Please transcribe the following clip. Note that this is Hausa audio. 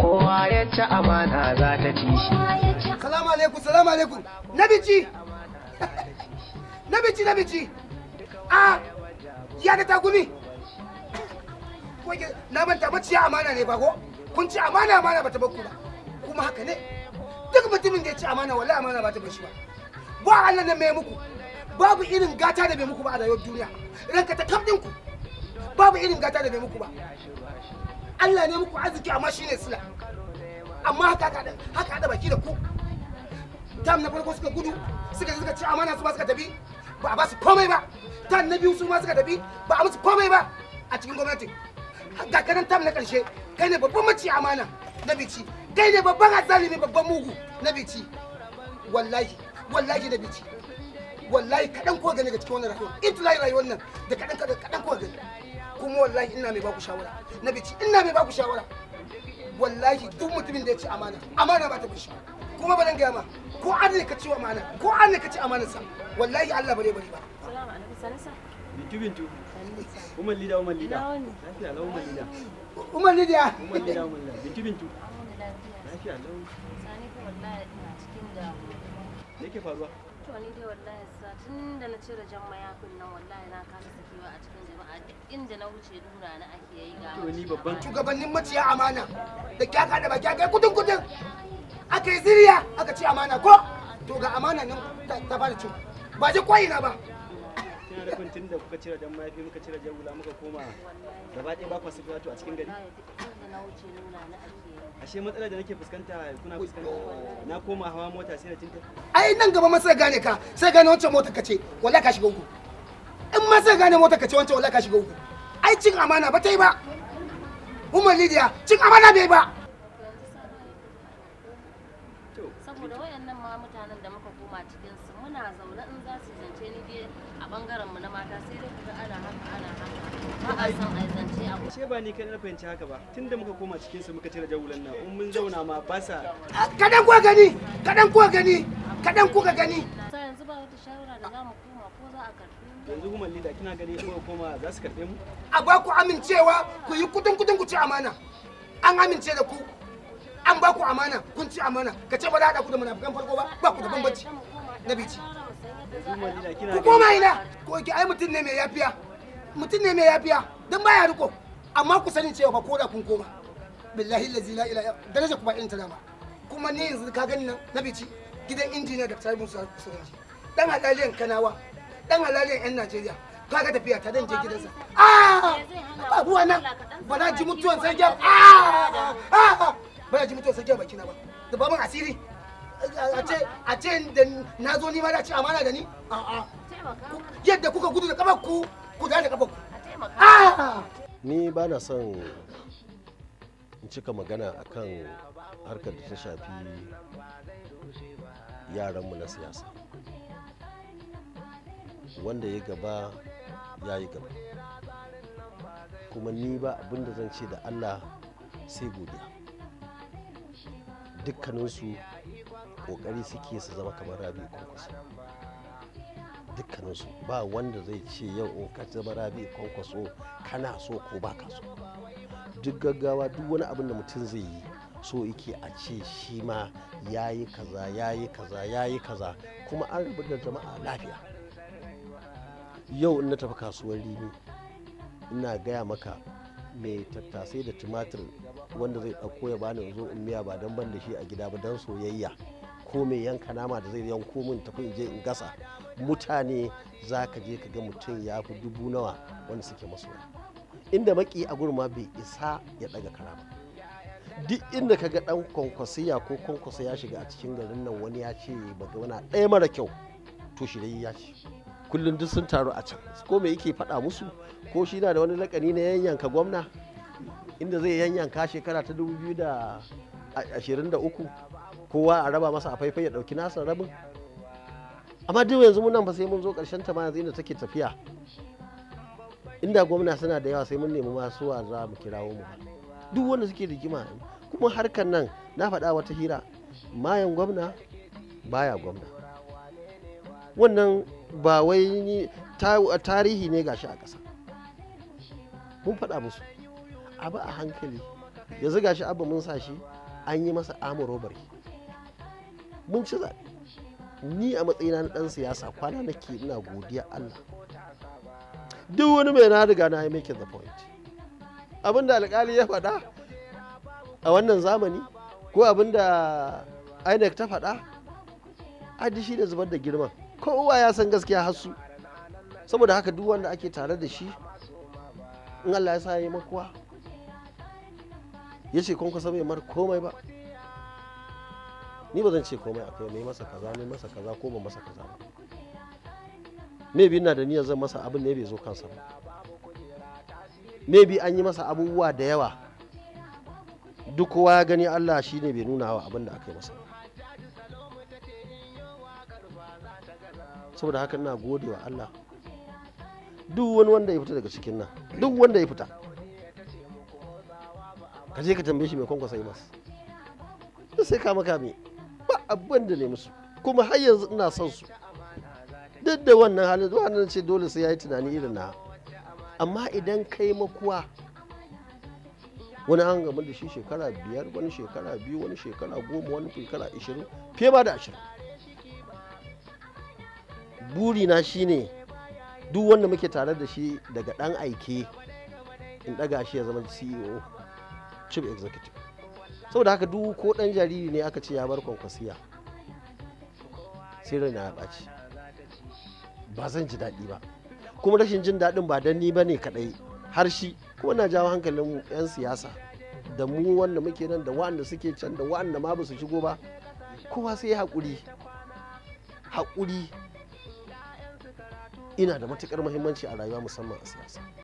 kowa ya ci amana za ta ci shi salamu alaikum salamu alaikum nabici nabici nabici a ya da tagumi na manta maciya amana ne ba ko kun ci amana amana ba ta bakku ba kuma haka ne duk mutumin da ya ci amana wala amana ba ta bashi ba ba Allah na mai muku babu irin gata da bai muku ba a rayuwar duniya ranka ta kamdin ku babu irin gata da bai muku ba Allah ne muku arziki amma shine sila amma haka haka haka da baki da ku tam na farko suka gudu suka suka ci amana su ma suka tafi ba a ba su komai ba tam na biyu su ma suka tafi ba a musu komai ba a cikin gwamnati ga kanan tam na karshe kai ne babban maci amana na bici kai ne babban azalimi babban mugu na bici wallahi wallahi na bici wallahi kaɗan ko gani ga cikin wannan rayuwar in tulayi rayuwar nan da kaɗan kaɗan kaɗan gani kuma wallahi ina mai baku shawara na bici ina mai baku shawara wallahi duk mutumin da ya ci amana amana ba ta bishi kuma ba nan gaya ma ko an ne ka ci amana ko an ne ka ci sa wallahi Allah bare bare ba yake faruwa to ni dai wallahi sa tun da na cire jan mayafin nan wallahi na kasa sakewa a cikin jama'a duk inda na wuce dura na ake yi ga to ni babban shugabannin maciya amana da kya kada ba kai kudin kudin aka yi ziriya aka ci amana ko to ga amana nan ta fara cin ba je koyi na ba kina da kuka cire mayafi muka cire jan gula muka koma gaba ɗaya ba ku a cikin gari na wuce na ake ashe matsalar da nake fuskanta kuna fuskanta na koma hawa mota sai na tinta ai nan gaba ma sai gane ka sai gane wancan mota kace wallahi ka shiga uku in ma sai gane mota kace wancan wallahi ka shiga uku ai cin amana ba ta yi ba Umar Lidiya cin amana bai ba saboda wayannan ma mutanen da muka koma cikin su muna zaune in za su zance ni dai a bangaren mu na mata sai dai kaga ana haka ana haka ba a san ai zance Ashe ba ni kaɗai na fahimci haka ba. Tunda muka koma cikin su muka cire jawulan nan, in mun zauna ma ba sa. Kaɗan kuwa gani, kaɗan kuwa gani, kaɗan gani. Yanzu ba wata shawara da za mu koma ko za a Yanzu kuma lida kina gani koma za su karɓe mu? A ba ku amincewa ku yi kudin kudin ku ci amana. An amince da ku an ba ku amana kun ci amana ka ce ba za a haɗa ku da munafukan farko ba ba ku da bambanci na bici. Ku koma ina ko ki ai mutum ne mai yafiya mutum ne mai yafiya duk baya riko amma ku sani cewa ba ko da kun koma billahi lazi la ila daraja ku ba irin tarama kuma ni yanzu ka gani nan na bici gidan injiniya da tsari musu sunanci dan halaliyan kanawa dan halaliyan yan najeriya ka ga tafiya ta dan je gidansa ah buwa nan ba na ji mutuwan sai gyar ah! ah ba na ji mutuwan sai gyar bakina ba da baban asiri a ce da na zo ni ma da ci amana da ni a'a yadda kuka gudu da kafar ku ku da kafar ku Ah! ni ba na son in cika magana akan harkar da ta shafi yaranmu na siyasa wanda ya gaba ya yi gaba kuma ni ba abinda zan ce da allah sai godiya dukkaninsu kokari suke su zama kamar rabi ko kusa dukkaninsu ba wanda zai ce yau in ka zama rabi kwankwaso kana so ko ba ka so duk gaggawa duk wani abin da mutum zai yi so yake a ce shi ma ya yi kaza ya yi kaza ya yi kaza kuma an rabu da jama'a lafiya yau in na tafi kasuwar rini ina gaya maka mai tattasai da tumatir wanda zai ɗauko ya bani zo in miya ba don ban da shi a gida ba don soyayya ko mai yanka nama da zai yanko min tafi in je in gasa mutane za ka je ka ga mutum ya fi dubu nawa wanda suke masoya inda maki a gurma bai isa ya daga kara ba duk inda ka ga dan kwankwasiya ko kwankwasa ya shiga a cikin garin nan wani ya ce ba wana ɗaya mara kyau to dai ya ce kullum duk sun taru a can ko me yake faɗa musu ko shi na da wani lakani na yanyanka gwamna inda zai yanyanka shekara ta 2023 kowa a raba masa a faifai ya ɗauki nasa rabin amma duk yanzu mun nan ba sai mun zo karshen ta ma yanzu inda take tafiya inda gwamna suna da yawa sai mun nemi masu wa za mu kirawo mu duk wanda suke rigima kuma harkar nan na faɗa wata hira mayan gwamna baya gwamna wannan ba wai tarihi ne gashi a ƙasa mun faɗa musu abu a hankali yanzu gashi abu mun sa shi an yi masa amuro bari mun ci zaɓe ni a matsayina na ɗan siyasa kwana na ke ina godiya Allah duk wani mai na riga na yi make the point abin da alkali ya faɗa a wannan zamani ko abin da INEC ta faɗa adi shi da zubar da girma Uwa ya san gaskiya hasu saboda haka duk wanda ake tare da shi in Allah ya sa ya yi makuwa ya ce kun kusa bai mar komai ba ni ba zan ce komai a kai mai masa kaza mai masa kaza ko ban masa kaza ba bi na da niyyar zan masa abin ne bai zo kansa ba bi an yi masa abubuwa da yawa duk kowa ya gani Allah shi ne bai nuna wa abin da aka yi masa saboda haka ina gode wa Allah duk wani wanda ya fita daga cikin nan duk wanda ya fita ka je ka tambaye shi mai kwankwasa yi masa sai ka maka mai abin da ne musu kuma har yanzu ina son su duk da wannan halin nan ce dole sai ya yi tunani irin na amma idan kai makuwa wani an gama da shi shekara biyar wani shekara biyu wani shekara goma wani shekara ashirin fiye ba da ashirin burina ne duk wanda muke tare da shi daga dan aike in daga shi ya zama ceo chief executive saboda haka duk ko dan jariri ne aka ce ya bar kwankwasiya sirri na ya ɓaci ba zan ji daɗi ba kuma rashin jin daɗin ba dan ni ba ne kaɗai har shi kuma na jawo hankalin 'yan siyasa da mu wanda muke nan da wa'anda suke can da wa'anda ma ba su shigo ba kowa sai haƙuri haƙuri ina da matukar muhimmanci a rayuwa musamman a siyasa